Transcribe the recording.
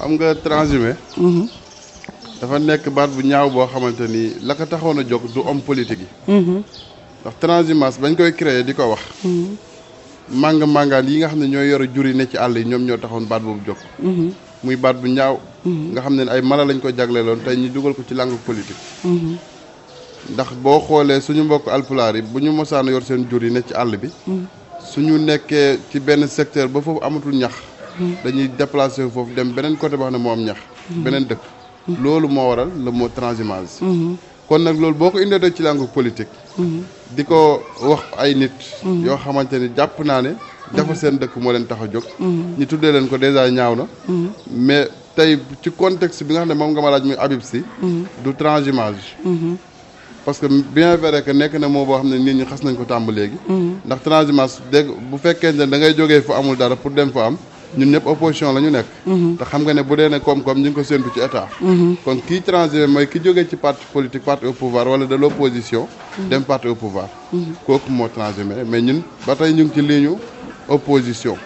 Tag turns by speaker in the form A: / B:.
A: xam nga transhumé. Mhm. dafa nekk baat bu ñaaw boo xamante ni la ko taxoon a jóg du om politique yi. Mhm. ndax transhumance bañ koy créer di ko wax. Mhm. màng màngaan yi nga xam ne ñooy yor jur yi ne ci àll yi ñoom ñoo taxoon baat boobu jóg. muy baat bu ñaaw. nga xam ne ay mala lañ ko jagleeloon tey ñu dugal ko ci langue politique. ndax boo xoolee suñu mbokk alpulaar yi bu ñu mosaan yor seen jur yi ne ci àll bi. suñu nekkee ci benn secteur ba foofu amatul ñax. dañuy déplacé foofu dem beneen côté boo xam ne moo am ñax beneen dëkk loolu moo waral le mot transhumance kon nag loolu boo ko indee ci langue politique di ko wax ay nit yoo xamante ni jàpp naa ne dafa seen dëkk moo leen tax a jóg ñu tuddee leen ko dèjà ñaaw na mais tey ci contexte bi nga xam ne moom nga ma laaj muy Habib Sy du transhumance parce que bien vrai que nekk na moo boo xam ne nit ñi xas nañ ko tàmb léegi ndax transhumance dégg bu fekkee ne da ngay jógee fu amul dara pour dem fa am ñun ñëpp opposition la ñu nekk. Mhm. te xam nga ne bu dee ne koom-koom ñu ngi ko séntu ci état. Mhm. kon kii transhumé mooy ki jógee ci parti politique parti au pouvoir wala de l' opposition. Mhm. dem parti au pouvoir. kooku moo transhumé mais ñun ba tey ñu ngi ci ligne opposition.